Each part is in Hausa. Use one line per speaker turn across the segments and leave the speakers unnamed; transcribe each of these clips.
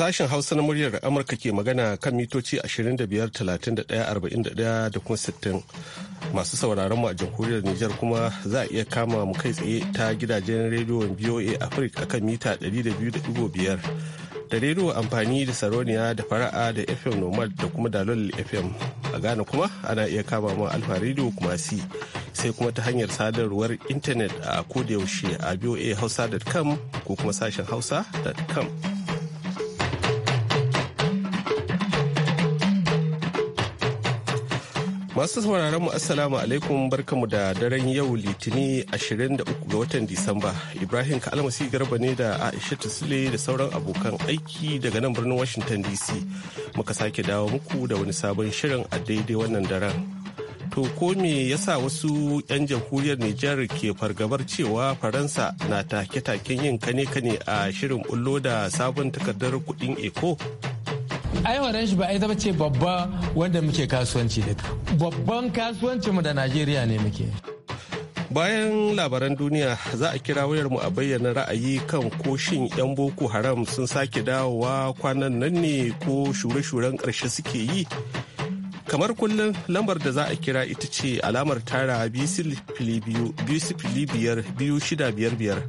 Sashen Hausa na muryar Amurka ke magana kan mitoci 25,31,41 da kuma 60. Masu sauraron mu a jamhuriyar Nijar kuma za a iya kama mu kai tsaye ta gidajen rediyon BOA Africa kan mita 200.5 da rediyo amfani da saroniya da fara'a da FM Nomad da kuma Dalol FM. A Ghana kuma ana iya kama mu Alfa rediyo kuma si sai kuma ta hanyar sadarwar intanet a kodayaushe a hausa.com ko kuma sashen hausa.com. Masu sauraron mu Assalamu alaikum barkamu da daren yau Litini 23 ga watan Disamba. Ibrahim Kalmasi Garba ne da Aisha Sule da sauran abokan aiki daga nan birnin Washington DC. Muka sake dawo muku da wani sabon shirin a daidai wannan daren. To ko me yasa wasu 'yan jamhuriyar Nijar ke fargabar cewa Faransa na take-taken yin kane-kane a shirin bullo da sabon takardar kuɗin Eko?
ai orange ba zaba ce babba wanda muke kasuwanci da babban kasuwanci mu da najeriya ne muke
bayan labaran duniya za a kira wayar mu a bayyana ra'ayi kan ko shin 'yan boko haram sun sake dawowa kwanan nan ne ko shure-shuren karshe suke yi kamar kullum lambar da za a kira ita ce alamar tara biyu sifili biyar biyu shida biyar biyar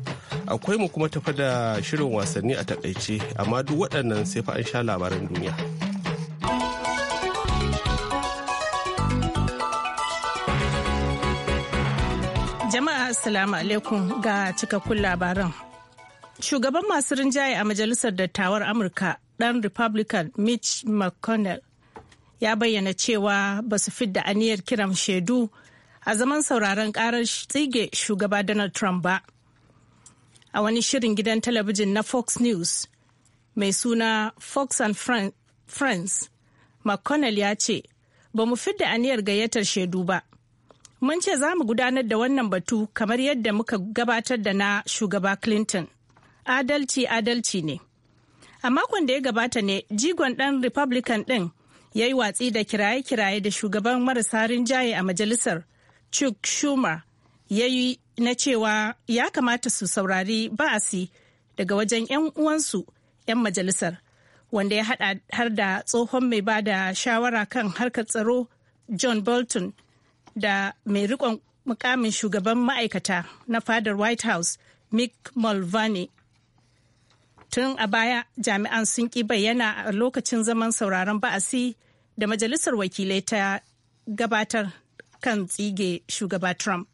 akwai mu kuma tafa da shirin wasanni a takaice amma duk waɗannan sai fa an sha labaran duniya.
Jama'a Assalamu alaikum ga cikakkun labaran. Shugaban masu rinjaye a Majalisar Dattawar Amurka ɗan Republican Mitch McConnell ya bayyana cewa ba su da aniyar kiran shaidu a zaman sauraron karar tsige shugaba Donald Trump ba. a wani shirin gidan talabijin na Fox News mai suna Fox and Friends. McConnell ya ce, Ba mu fidda aniyar gayyatar shaidu ba. Mun ce za mu gudanar da wannan batu kamar yadda muka gabatar da na shugaba Clinton. Adalci adalci ne. A makon da ya gabata ne jigon ɗan Republican ɗin ya yi watsi da kiraye-kiraye da shugaban marasa rinjaye a majalisar Chuck Schumer ya yi na cewa ya kamata su saurari ba'asi daga wajen 'yan uwansu 'yan majalisar wanda ya hada har da tsohon mai ba da shawara kan harkar tsaro john bolton da mai rikon mukamin shugaban ma'aikata na fadar white house mick mulvaney tun a baya jami'an sun ki bayyana a lokacin zaman sauraron ba'asi da majalisar wakilai ta gabatar kan tsige shugaba trump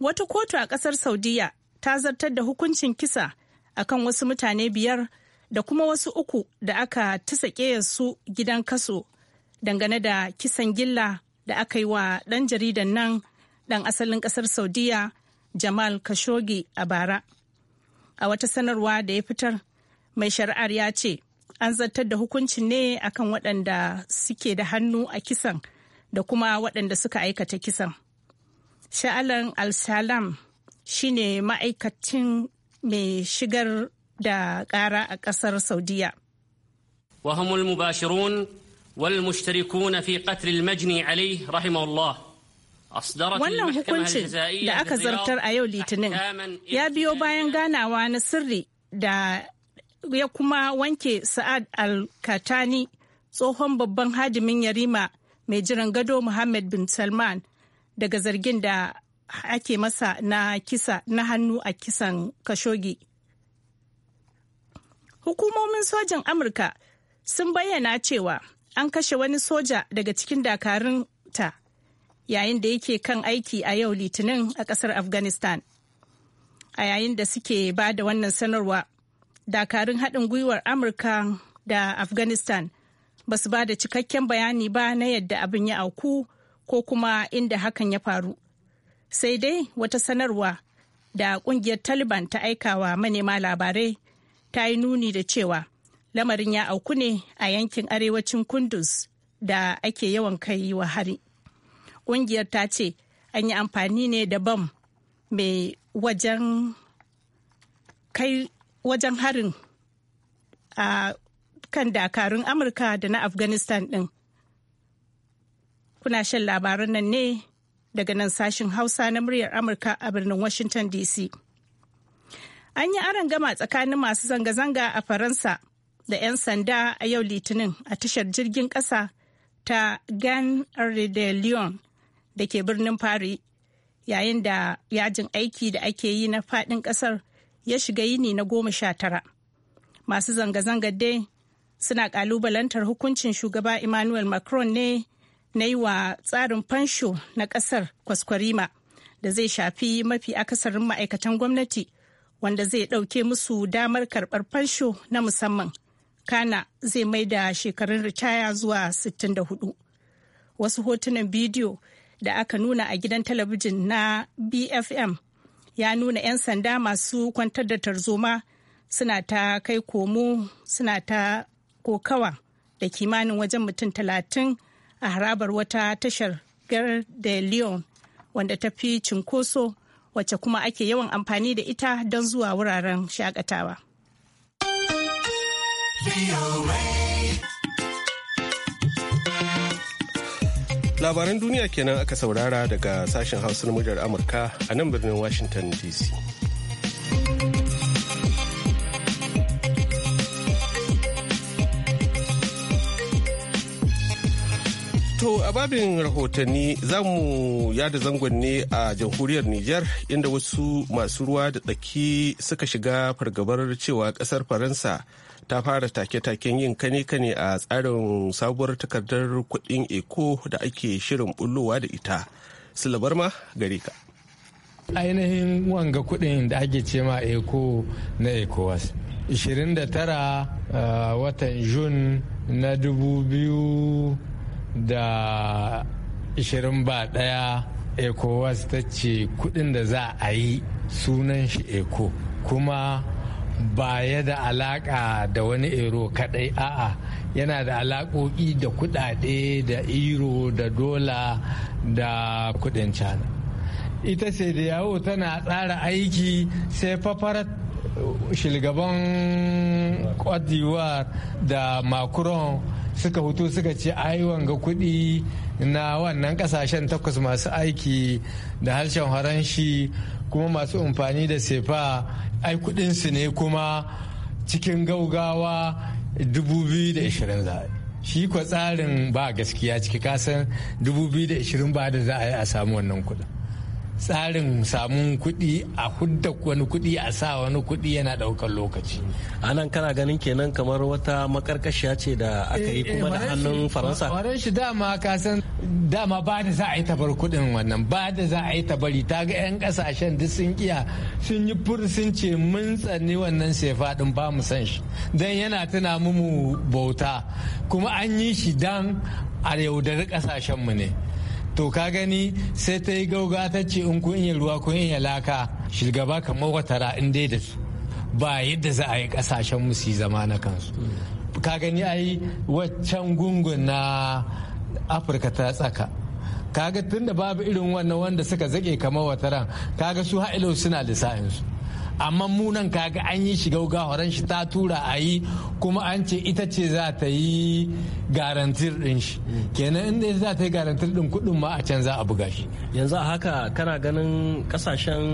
wata kotu a kasar saudiya ta zartar da hukuncin kisa akan wasu mutane biyar da kuma wasu uku da aka ta su gidan kaso dangane da kisan gilla da aka yi wa ɗan jaridan nan ɗan asalin ƙasar saudiya jamal khashoggi a bara a wata sanarwa da ya fitar mai shari'ar ya ce an zartar da hukuncin ne akan waɗanda suke da hannu a kisan da kuma waɗanda suka aikata kisan sha'alan al-salam shi ne ma'aikacin mai shigar da ƙara a ƙasar saudiya
وهم المباشرون والمشتركون fi قتل المجني عليه رحمه allah. Wannan hukuncin da aka zartar
a yau Litinin ya biyo bayan ganawa na sirri da ya kuma wanke Sa'ad Al-Katani tsohon babban hadimin Yarima mai jiran gado Muhammad bin Salman daga zargin da ake masa na kisa na hannu a kisan kashogi hukumomin sojin amurka sun bayyana cewa an kashe wani soja daga cikin dakarun ta yayin da yake kan aiki a yau litinin a kasar afghanistan a yayin da suke ba da wannan sanarwa dakarun haɗin gwiwar amurka da afghanistan ba su ba da cikakken bayani ba na yadda abin ya auku ko kuma inda hakan ya faru sai dai wata sanarwa da kungiyar taliban ta aikawa manema labarai ta yi nuni da cewa lamarin ya auku ne a yankin arewacin kunduz da ake yawan kai wa hari kungiyar ta ce an yi amfani ne da bam mai wajen kai wajen harin a kan dakarun amurka da na afghanistan ɗin. kuna shan labaran nan ne daga nan sashin hausa na muryar amurka a birnin washington dc an yi aron gama tsakanin masu zanga-zanga a faransa da 'yan sanda a yau litinin a tashar jirgin kasa ta gan de lyon da ke birnin paris yayin da yajin aiki da ake yi na fadin kasar ya shiga yini na goma sha tara masu zanga zanga dai suna kalubalantar hukuncin shugaba emmanuel macron ne na yi wa tsarin fansho na kasar kwaskwarima da zai shafi mafi akasarin ma'aikatan gwamnati wanda zai ɗauke musu damar karɓar fansho na musamman kana zai mai da shekarun ritaya zuwa 64 wasu hotunan bidiyo da aka nuna a gidan talabijin na bfm ya nuna 'yan sanda masu kwantar da tarzoma suna ta kai komo suna ta kokawa da kimanin wajen mutum talatin a harabar wata tashar gar de leon wanda ta fi cinkoso wacce kuma ake yawan amfani da ita don zuwa wuraren shakatawa.
Labaran duniya kenan aka saurara daga sashen hausa na Amurka a nan birnin Washington DC. To a babin rahotanni za mu yada zangon ne a jamhuriyar Nijar inda wasu masu ruwa da tsaki suka shiga fargabar cewa kasar Faransa ta fara take-taken yin kane-kane a tsarin sabuwar takardar kuɗin eko da ake shirin bullowa da ita. Silabar ma gare ka.
Ainihin wanga kuɗin da ake ce ma eko na ECOWAS. 29 eh, watan Jun na 2000 da 20 ba daya ecowas ta ce kudin da za a yi sunan shi eko kuma baya da alaka da wani ero kadai a'a yana da alakoki da kudade da iro da dola da kudin cana ita sai da yawo tana tsara aiki sai fafarar shugaban kwadiwar da macron suka hutu suka ce ai wanga kuɗi na wannan kasashen takwas masu aiki da harshen haranshi kuma masu amfani da sefa ai kuɗinsu ne kuma cikin gaugawa 2020 za shi kwa tsarin ba gaskiya ciki kasan 2020 ba da za a yi a samu wannan kuɗin tsarin samun kuɗi a hudda wani kuɗi a sa wani kuɗi yana
ɗaukar lokaci. anan kana ganin kenan kamar wata makarkashiya ce da aka yi eh, kuma da eh, hannun faransa
wadan shi dama ka dama ba da za a yi tabar kuɗin wannan ba da za a yi tabari ta ga 'yan kasashen duk sun kiya sun yi fur sun ce mun tsanni wannan sefa din ba mu san shi don yana tuna mu bauta kuma an yi shi dan a yaudari kasashen mu ne to ka gani sai ta yi gauga ta ce in kun iya ruwa kun iya laka shugaba kamar watara in dai da su ba yadda za a yi kasashen musu zama na kansu ka gani ai waccan gungun na afirka ta tsaka kaga tunda babu irin wannan wanda suka zake kamar wataran kaga su hailo suna su amma munan kaga an yi shiga horon shi ta tura a yi kuma an ce ita ce za ta yi garantir din shi kenan inda za ta yi garantir din kudin ma a can za a buga shi yanzu a
haka kana ganin kasashen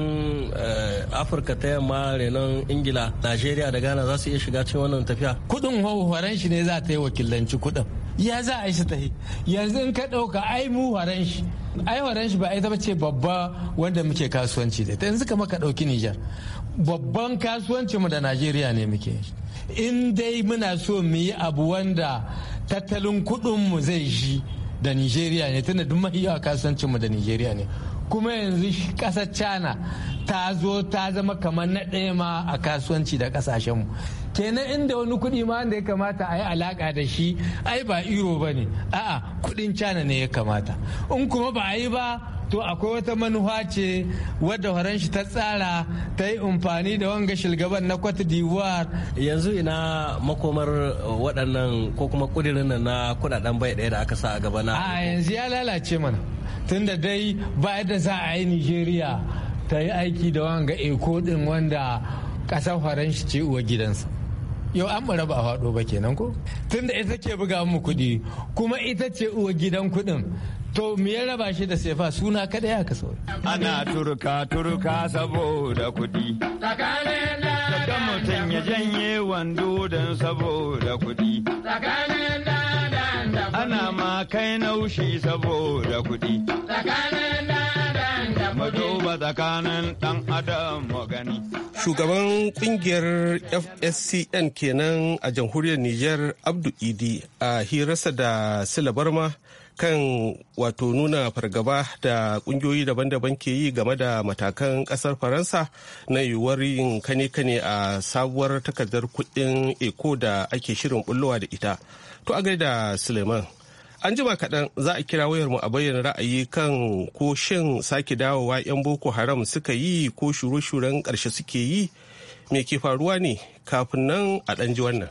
eh, afirka ta yamma renon ingila najeriya da ghana za su iya shiga cikin wannan tafiya
kudin horon shi ne za ta yi wakilanci kudin ya za a yi ta yi yanzu in ka ɗauka ai mu horan shi ai horan shi ba ita ba ce babba wanda muke kasuwanci da ta yanzu kama ka ɗauki nijar babban kasuwancinmu da najeriya ne muke in dai muna so mu yi abu wanda tattalin kudinmu zai shi da nigeria ne tunda duk mahiyawa kasuwancinmu da nigeria ne kuma yanzu kasar china ta zo ta zama kamar na ɗaya ma a kasuwanci da kasashenmu kenan inda wani kuɗi ma da ya kamata a yi alaƙa da shi ai ba iro ba ne a'a kuɗin china ne ya kamata in kuma ba a yi ba to akwai wata manuwa ce wadda horon shi ta tsara ta yi amfani da wanga shilgaban na cote d'ivoire yanzu ina makomar uh, waɗannan ko kuma kudirin
na kudaden bai ɗaya da aka sa a gaba na
a yanzu ya lalace mana tun da dai ba da za a yi nigeria ta yi aiki da wanga eko din wanda ƙasar horon shi ce uwa gidansa yau an bara ba a faɗo ba kenan ko tunda ita ce buga mu kuɗi kuma ita ce uwa gidan kuɗin to me ya raba shi da sefa suna kada ya
kasa wani. ana turka turka saboda kudi. daga mutum ya janye wando don saboda kuɗi ana ma kai naushi saboda kudi. maduba tsakanin ɗan adam gani shugaban kungiyar
fscn kenan a jamhuriyar niger abdu idi a hirarsa da Barma kan wato nuna fargaba da kungiyoyi daban-daban ke yi game da matakan kasar faransa na yiwuwar yin kane-kane a sabuwar takardar kuɗin eko da ake shirin bullowa da ita to a gaida suleiman an jima kaɗan za a kira wayarmu a bayyana ra'ayi kan ko shin sake dawowa 'yan boko haram suka yi ko shure-shuren ƙarshe suke yi me ke faruwa ne kafin nan a ɗan ji wannan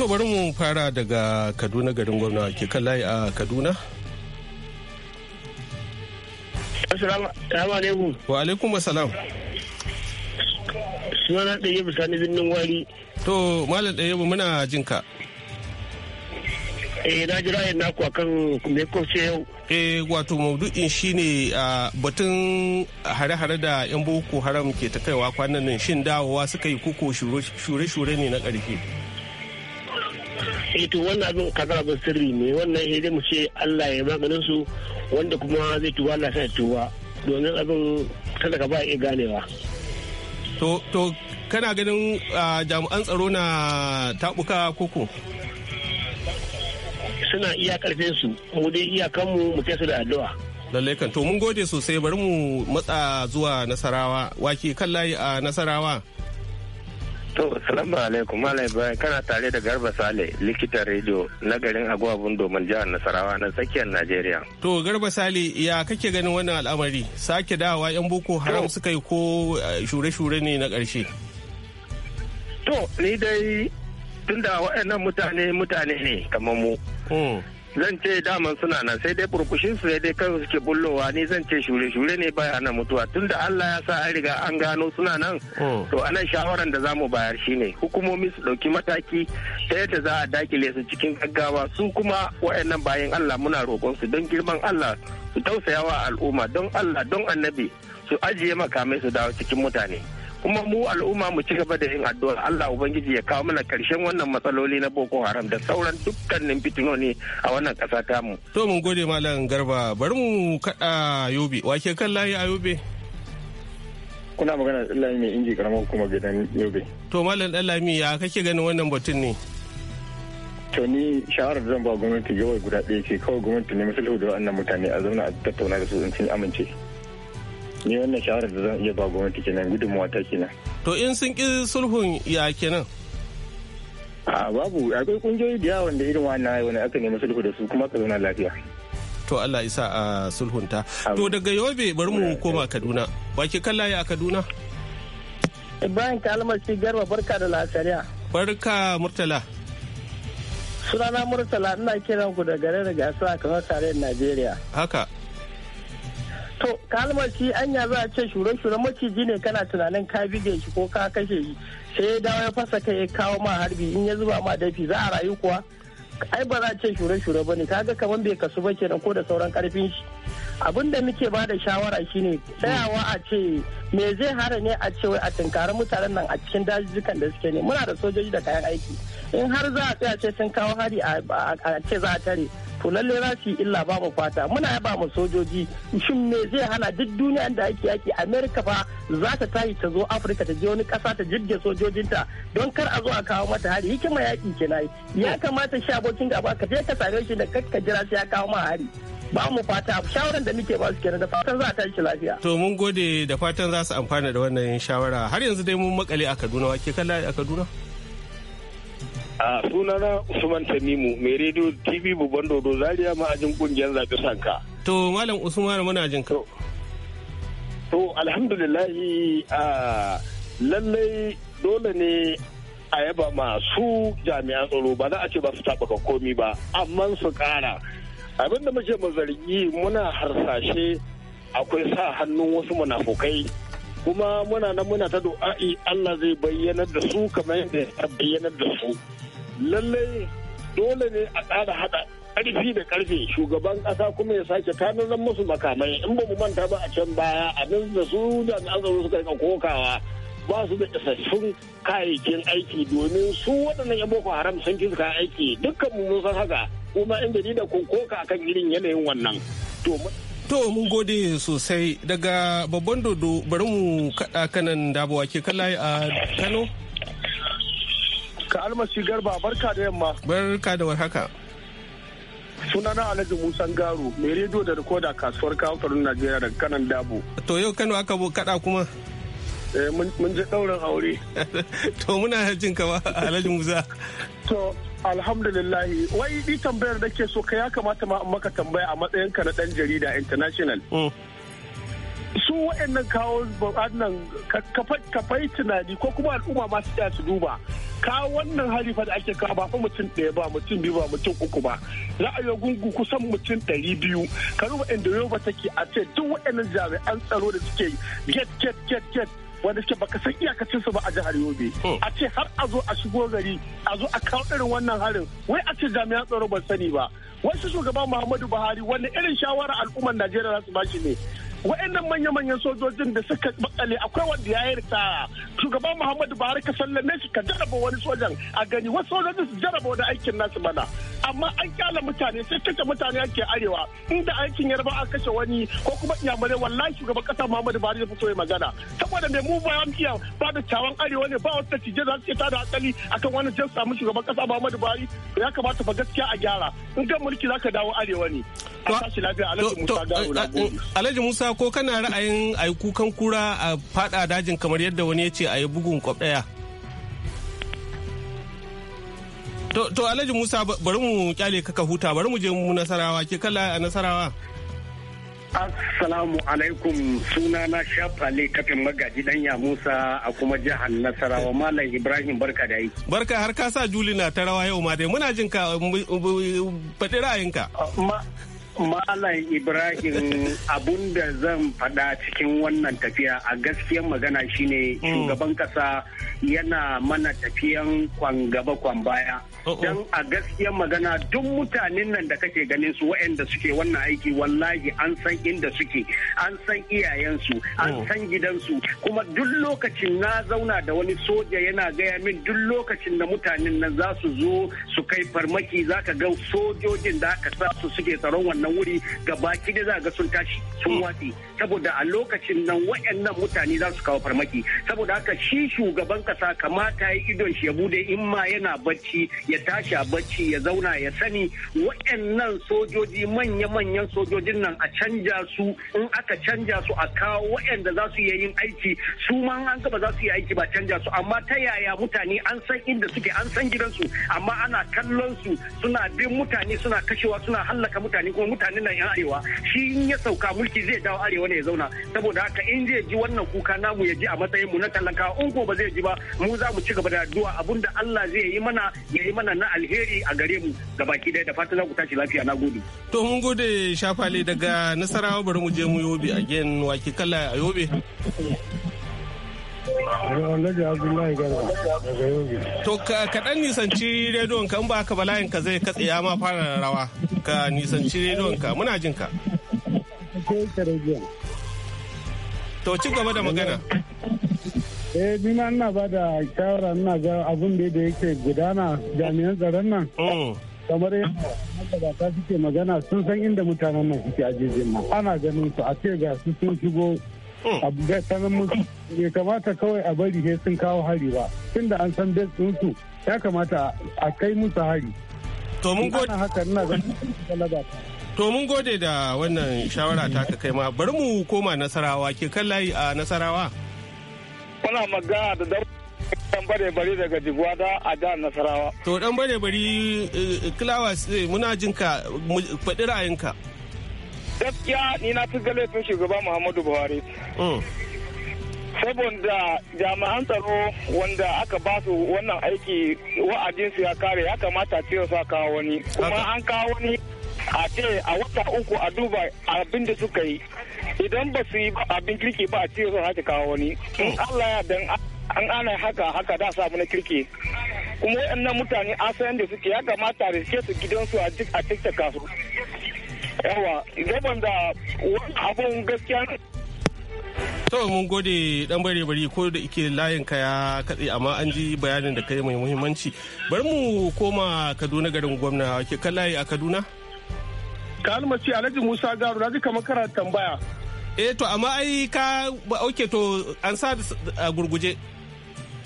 To bari mu fara daga Kaduna garin gwamna ke kan layi a Kaduna.
Wa alaikum.
Wa alaikum assalam. Sunana ɗaya bisani birnin wari. To malam ɗaya muna jinka. eh na ji ra'ayin naku akan me kuke yau eh wato maudu'in shine a batun hare-hare da yan boko haram ke ta kaiwa kwanan nan shin dawowa suka yi koko shure-shure ne na ƙarfi
eh to wannan abin kaza abin sirri ne wannan eh zai mu ce Allah ya maganin su wanda kuma zai tuba Allah sai tuba domin abin kada ka ba ya ganewa
to to kana ganin jami'an tsaro na tabuka koko
suna iya karfe su mu dai iyakanmu mu kai su da addu'a
lallai kan to mun gode sosai bari mu matsa zuwa nasarawa wake kan layi a nasarawa
To, salamu alaikum, Malam Ibrahim, kana tare da Garba Sale, likitan rediyo na garin Agwabun Domin jihar Nasarawa na tsakiyar Najeriya.
To, Garba Sale, ya kake ganin wannan al'amari? Sake dawa 'yan Boko Haram suka yi ko eh, shure-shure ne na ƙarshe?
To, ni dai tunda waɗannan mutane mutane ne kamar mu. Hmm. zan ce daman suna nan sai dai burbushin su dai kan suke bullowa ni zan ce shure shure ne baya mutuwa tunda Allah ya sa an riga an gano suna nan hmm. to anan shawaran da zamu bayar shine hukumomi su dauki mataki ta yadda za a dakile su cikin gaggawa su kuma wayannan bayan Allah muna roƙon su don girman Allah su tausayawa al'umma don Allah don annabi su ajiye makamai su dawo cikin mutane kuma mu al'umma mu ci gaba da yin addu'a Allah ubangiji ya kawo mana karshen wannan matsaloli na Boko Haram da sauran dukkanin fitinoni a wannan ƙasa ta mu
to mun gode malam Garba bari mu kada Yobe wake kan layi a Yobe kuna magana da Lami mai inji karamar kuma gidan Yobe to malam Lami ya kake ganin wannan batun ne
to ni shawarar zan ba gwamnati yawai guda ɗaya ce kawai gwamnati ne musulhu da wannan mutane a zauna a tattauna da su in amince ni wannan shawarar da zan iya ba gwamnati kenan gudunmawa ta kenan
to in sun ƙi sulhun ya kenan a babu akwai kungiyoyi da yawa da irin wannan
wani aka nemi sulhu da su kuma ka zauna lafiya
to Allah isa a sulhunta to daga yobe bari mu koma Kaduna Ba ke kallaye a Kaduna
Ibrahim Kalmar shi garba barka da lasariya
barka murtala
sunana murtala ina kiran ku da garin gasa kamar tarayyar Najeriya haka to kalmar shi anya za a ce shure-shure maciji ne kana tunanin ka bige shi ko ka kashe shi sai ya dawo ya fasa kai ya kawo ma harbi in ya zuba ma dafi za a rayu kuwa ai ba za a ce shure-shure ba ne kaga kamar bai kasu ba kenan ko da sauran karfin shi abin da muke ba da shawara shine tsayawa a ce me zai hara ne a ce wai a tunkari mutanen nan a cikin dajijjikan da suke ne muna da sojoji da kayan aiki in har za a tsaya ce sun kawo hari a ce za a tare to lalle za su yi illa ba mu fata muna ba mu sojoji shin me zai hana duk duniyan da ake yaki america fa za ta tashi ta zo afirka ta je wani kasa ta jirge sojojinta don kar a zo a kawo mata hari hikima yaki na ya kamata sha abokin gaba ka je ka same shi da kakka jira sai ya kawo ma hari ba mu fata shawaran da muke ba su kenan da fatan za ta shi lafiya.
To mun gode da fatan za su amfana da wannan shawara har yanzu dai mun makale a Kaduna wake kalla a Kaduna.
a sunana usman tamimu mai rediyo tv babban dodo zaria ma'ajin kungiyar zaɓe sanka
to malam usman muna jin ka
to alhamdulillahi a lallai dole ne a yaba masu jami'an tsaro ba za a ce ba su taɓaka komi ba amma su ƙara abin da muke mazargi muna harsashe akwai sa hannun wasu munafukai kuma muna nan muna ta do'a'i Allah zai bayyanar da su kamar yadda ya bayyanar da su lallai dole ne a tsara haɗa ƙarfi da ƙarfe shugaban ƙasa kuma ya sake tanadar musu makamai in ba mu manta ba a can baya abin da su da tsaro suka kokawa ba su da isassun kayayyakin aiki domin su waɗannan yan boko haram sun fi suka aiki dukkan mu san haka kuma in jarida da koka akan irin yanayin wannan to
To mun gode sosai daga babban dodo bari mu kaɗa kanan dabuwa ke kalaye a Kano.
Ka almasi garba barka da yamma. Barka da warhaka. Sunana Alhaji Musa Garo, mai rediyo da rikoda kasuwar kamfanin Najeriya daga kanan Dabo.
To yau Kano aka bo kaɗa kuma?
Eh, mun je ɗaurin aure. To muna jin kama Alhaji Musa. To alhamdulillahi wai ni tambayar da ke so ka ya kamata ma maka tambaya a matsayinka na ɗan jarida international. Mm. Su waɗannan kawo nan ka fai tunani ko kuma al'umma masu su duba. ka wannan hari fa da ake kawo ba fa mutum ɗaya ba mutum biyu ba mutum uku ba za a yi gungu kusan mutum ɗari biyu ka ruba inda yoba take a ce duk waɗannan jami'an tsaro da suke get get get get wanda suke baka san iyakacin su ba a jihar Yobe. Oh. A ce har a zo a shigo gari a zo a kawo irin wannan harin wai a ce jami'an tsaro ban sani ba. Wasu shugaban Muhammadu Buhari wanda irin shawara al'ummar Najeriya za su ba shi ne wa'annan manya-manyan sojojin da suka bakale akwai wanda ya yi ritaya shugaban muhammadu buhari ka sallame shi ka jaraba wani sojan a gani wasu sojojin su jarraba wani aikin nasu mana amma an kyala mutane sai kashe mutane ake arewa inda aikin yarba a kashe wani ko kuma iyamurai wallahi shugaban kasa muhammadu buhari ya fito ya magana saboda mai mu ba iya ba da cawan arewa ne ba wata cije za su da tada hankali akan wani jan samu shugaban kasa muhammadu buhari ya kamata fa gaskiya a gyara in ga mulki ka dawo arewa ne a tashi lafiya
alhaji musa ko kana ra'ayin a yi kukan kura a fada dajin kamar yadda wani ya ce a yi bugun kwab daya to alhaji musa bari mu kyale kaka huta bari mu je mu nasarawa ke kala a nasarawa
Assalamu alaikum suna na shafale kafin magaji ya Musa a kuma jihar Nasarawa Malam Ibrahim barka da yi.
Barka har ka sa Juli na ta rawa yau ma dai muna jin ka faɗi
ra'ayinka. Malam Ibrahim abun da zan faɗa cikin wannan tafiya a gaskiyar magana shine mm. shugaban kasa yana mana tafiyan kwan gaba kwan baya. Don a gaskiyar magana duk mutanen nan da kake ganin su waɗanda suke wannan aiki wallahi an san inda suke, an san iyayensu, an mm. san gidansu, kuma duk lokacin na zauna da wani soja yana gaya min duk lokacin da mutanen nan za su zo su kai farmaki za ka ga sojojin da aka sa su suke tsaron wannan wannan wuri gabaki da za ga sun tashi sun hmm. watsi saboda a lokacin nan waɗannan mutane za su kawo farmaki saboda haka shi shugaban kasa kamata ya idon shi ya bude in ma yana bacci ya tashi a bacci ya zauna ya sani waɗannan sojoji manya-manyan sojojin nan a canja su in aka canja su a kawo waɗanda za su yin aiki su ma an gaba za su yi aiki ba canja su amma ta yaya mutane an san inda suke an san gidansu amma ana kallon su suna bin mutane suna kashewa suna hallaka mutane kuma mutanen nan yan arewa shi in ya sauka mulki zai dawo arewa ne ya zauna saboda haka in zai ji wannan kuka namu ya ji a matsayin mu na talaka in ko ba zai ji ba mu za mu ci gaba da addu'a abinda Allah zai yi mana ya yi mana na alheri a gare mu da baki daya da fatan za ku tashi lafiya na gode to
mun gode shafale daga nasarawa bari mu je mu yobe a again waki kala a yobe To ka kaɗan nisanci rediyon ka ba ka balayin ka zai katse ya ma fara rawa ka nisanci rediyon ka muna jin ka. To ci gaba da magana.
eh na ina ba da shawara ina ga abun da da yake gudana jami'an tsaron nan hmm. kamar yadda ba ta suke magana sun san inda mutanen nan suke ajejin nan ana ganin su a ce ga su sun shigo Hmm. abu da sanin musu ya kamata kawai a bari sai sun kawo hari ba tunda an san bet su ya kamata a kai musu hari to mun gode haka ina ga
to mun gode da wannan shawara ta ka kai ma bari mu koma nasarawa ke kan layi a nasarawa
kuna magana da dan bare bari daga jigwada a jihar nasarawa
to dan bare bari eh, kulawa eh, muna jinka faɗi ra'ayinka
gaskiya ni na fi ga laifin shugaba muhammadu buhari hmm. saboda jami'an tsaro wanda aka ba su wannan aiki wa'adinsu ya kare ya kamata ce sa kawo wani kuma an kawo wani a ce a wata uku a duba abin da suka yi idan ba su yi abin kirki ba a ce su haka kawo wani in hmm. allah ya dan an ana haka haka da samu na kirki kuma waɗannan mutane asayan da suke ya kamata riske su gidansu a cikin kasu yawa gaban da wani abun gaskiya
to mun gode dan bare bari ko da ike layin ka ya katse amma an ji bayanin da kai mai muhimmanci bari mu koma kaduna garin gwamna ke kan layi a kaduna kalmaci alhaji musa garu na ji kamar karata tambaya eh to amma ai ka oke to an sa gurguje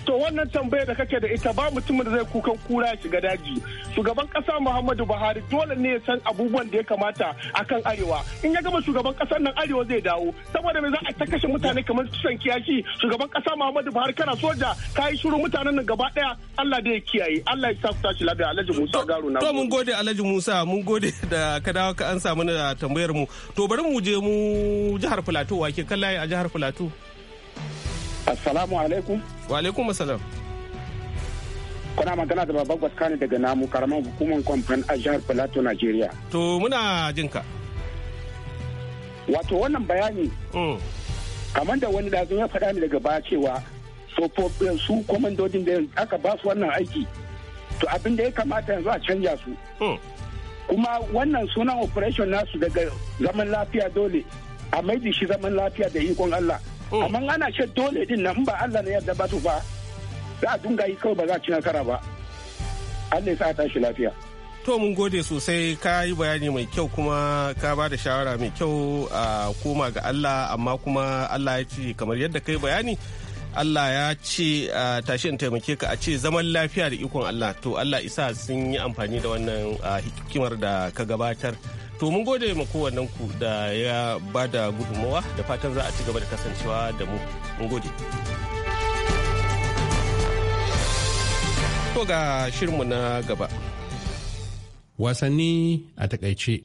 to wannan tambayar da kake da ita ba mutumin da zai kukan kura ya shiga daji shugaban kasa muhammadu buhari dole ne ya san abubuwan da ya kamata akan arewa in ya gama shugaban kasar nan arewa zai dawo saboda me za a ta kashe mutane kamar kisan kiyashi shugaban kasa muhammadu buhari kana soja ka yi shiru mutanen nan gaba daya allah da ya kiyaye allah ya sa ku tashi lafiya alhaji musa garu na to mun gode alhaji musa
mun gode da ka dawo ka an samu tambayar mu to bari mu je mu jihar filato wake kan a jihar filato
Assalamu alaikum.
Wa alaikum assalam.
Kuna magana da Baba Gwaskani daga namu karamar hukumar kwamfan a jihar Plateau, Nigeria.
To muna jinka.
Wato wannan bayani. Mm. Kamar da wani dazu ya faɗa ni daga baya cewa su kwamandodin da aka ba su wannan aiki. To abin da ya kamata yanzu a canja su. Mm. Kuma wannan sunan operation nasu daga zaman lafiya dole a mai shi zaman lafiya da ikon Allah. Oh. amma ana ce dole din nan ba Allah ne yarda ba ba za a dunga yi kawai ba za a ci nasara ba Allah ya sa tashi lafiya to mun gode sosai
ka yi bayani mai kyau kuma ka ba da shawara mai kyau a koma ga Allah amma kuma Allah ya ce kamar yadda kai bayani Allah ya ce tashi in taimake ka a ce zaman lafiya da ikon Allah to Allah isa sun yi amfani da wannan hikimar da ka gabatar. To mun gode ma kowannen ku da ya ba da gudunmawa da fatan za a ci gaba da kasancewa da mu. Mun gode. To ga shirinmu na gaba. Wasanni
a takaice.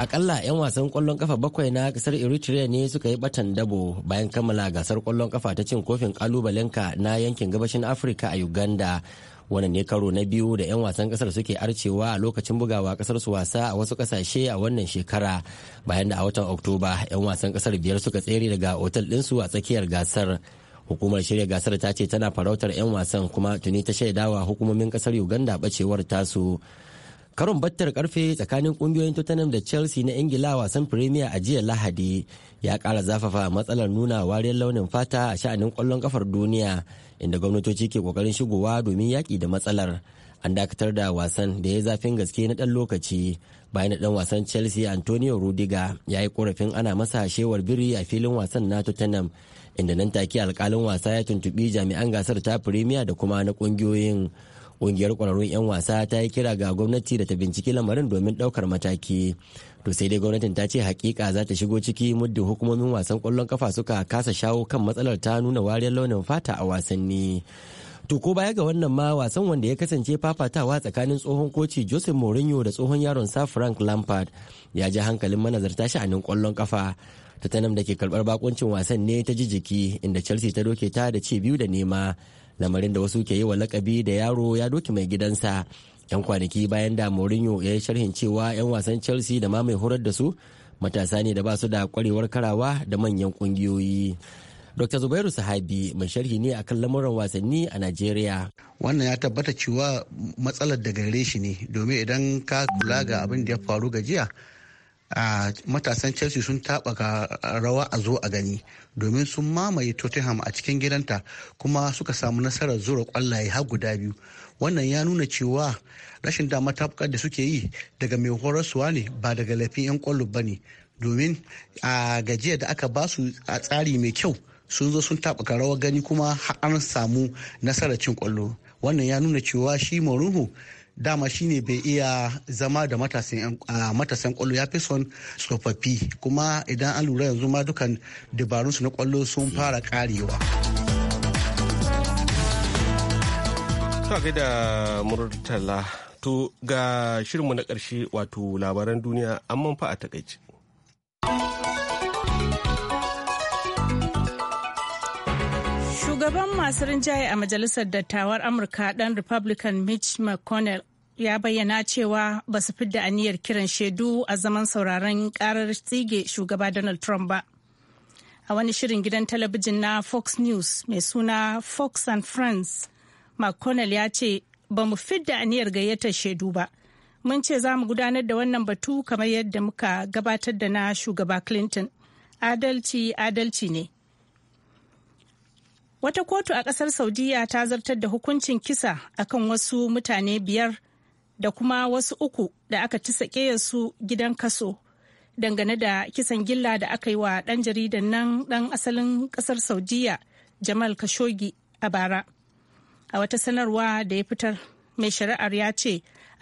akalla 'yan wasan kwallon kafa bakwai na kasar eritrea ne suka yi batan dabo bayan kammala gasar kwallon kafa ta cin kofin kalubalenka na yankin gabashin afirka a uganda wannan ne karo na biyu da 'yan wasan kasar suke arcewa a lokacin bugawa kasar su wasa a wasu kasashe a wannan shekara bayan da a watan oktoba 'yan wasan kasar biyar suka tsere daga otal ɗinsu a tsakiyar gasar hukumar shirya gasar ta ce tana farautar 'yan wasan kuma tuni ta shaidawa hukumomin kasar uganda bacewar tasu karon battar karfe tsakanin kungiyoyin tottenham da chelsea na ingila wasan premier a jiya lahadi ya kara zafafa matsalar nuna wariyar launin fata a sha'anin kwallon kafar duniya inda gwamnatoci ke kokarin shigowa domin yaki da matsalar an dakatar da wasan da ya zafin gaske na dan lokaci bayan dan wasan chelsea antonio rudiga ya yi korafin ana masa shewar biri a filin wasan na tottenham inda nan take alkalin wasa ya tuntuɓi jami'an gasar ta premier da kuma na ƙungiyoyin ƙungiyar kwararrun 'yan wasa ta yi kira ga gwamnati da ta binciki lamarin domin ɗaukar mataki to sai dai gwamnatin ta ce hakika za ta shigo ciki muddin hukumomin wasan kwallon kafa suka kasa shawo kan matsalar ta nuna wariyar launin fata a wasanni To ko baya ga wannan ma wasan wanda ya kasance fafatawa tsakanin tsohon koci Jose Mourinho da tsohon yaron sa Frank Lampard ya ji hankalin manazarta sha'anin kwallon kafa. Tottenham da ke karbar bakuncin wasan ne ta ji jiki inda Chelsea ta doke ta da ci biyu da nema lamarin da wasu ke yi wa lakabi da yaro ya doki mai gidansa yan kwanaki bayan da mourinho ya yi sharhin cewa yan wasan chelsea da ma mai horar da su matasa ne da ba su da kwarewar karawa da manyan kungiyoyi Dr. Zubairu Sahabi mai sharhi ne akan lamuran wasanni a Najeriya. Wannan ya tabbata cewa matsalar da gare shi ne domin idan ka kula ga abin da ya faru gajiya
matasan chelsea sun ga rawa a zo a gani domin sun mamaye tottenham a cikin gidanta kuma suka samu nasarar zura kwallaye har guda biyu wannan ya nuna cewa rashin dama tafukar da suke yi daga mai horarsuwa ne ba daga laifin 'yan kwallo ba ne domin a gajiya da aka basu a tsari mai kyau sun zo sun ga rawa gani kuma an samu nasarar cin kwallo wannan ya nuna cewa shi maruhu dama shine bai iya zama da matasan kwallo ya fi son tsofaffi kuma idan an lura yanzu ma dukan dabarunsu na kwallo sun fara karewa.
To da murtala to ga shirinmu na ƙarshe wato labaran duniya amman fa a takaici.
Shugaban masu rinjaye a Majalisar Dattawar Amurka ɗan Republican Mitch McConnell ya bayyana cewa ba su fidda aniyar kiran shaidu a zaman sauraron karar tsige shugaba Donald Trump ba. A wani shirin gidan talabijin na Fox News mai suna Fox and Friends, McConnell ya ce ba mu fidda aniyar gayyatar shaidu ba. Mun ce za mu gudanar da wannan batu kamar yadda muka gabatar da na shugaba Clinton. Adalci adalci ne. Wata kotu a kasar Saudiya ta zartar da hukuncin kisa akan wasu mutane biyar da kuma wasu uku da aka ci sake su gidan kaso dangane da kisan gilla da aka yi wa ɗan jaridan nan ɗan asalin ƙasar saudiya jamal kashogi a bara a wata sanarwa da ya fitar mai shari'ar ya ce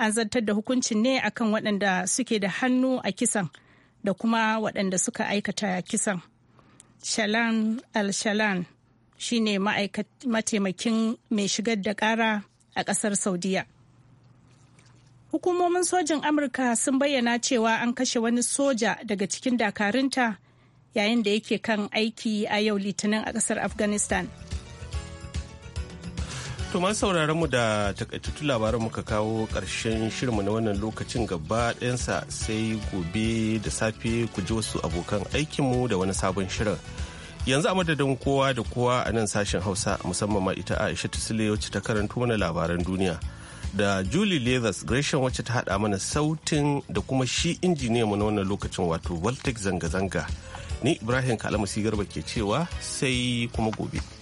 an zartar da hukuncin ne akan waɗanda suke da hannu a kisan da kuma waɗanda suka aikata kisan shalan al-shalan shine mataimakin mai shigar da ƙara a ƙasar saudiya hukumomin sojin amurka sun bayyana cewa an kashe wani soja daga cikin dakarunta yayin da yake kan aiki a yau litinin a kasar afghanistan
tuma masu sauraron mu da takaitattun labaran muka kawo ƙarshen shirinmu na wannan lokacin gaba ɗayansa sai gobe da safe ku ji wasu abokan aikinmu da wani sabon shirin. Yanzu a madadin kowa da kowa a nan sashen Hausa musamman ma ita Aisha Tusile wacce ta karanto mana labaran duniya. da Julie Leathers Gresham wacce ta hada mana sautin da kuma shi injiniya na wannan lokacin wato Voltec zanga-zanga. Ni Ibrahim Kalamusi Garba ke cewa sai kuma gobe.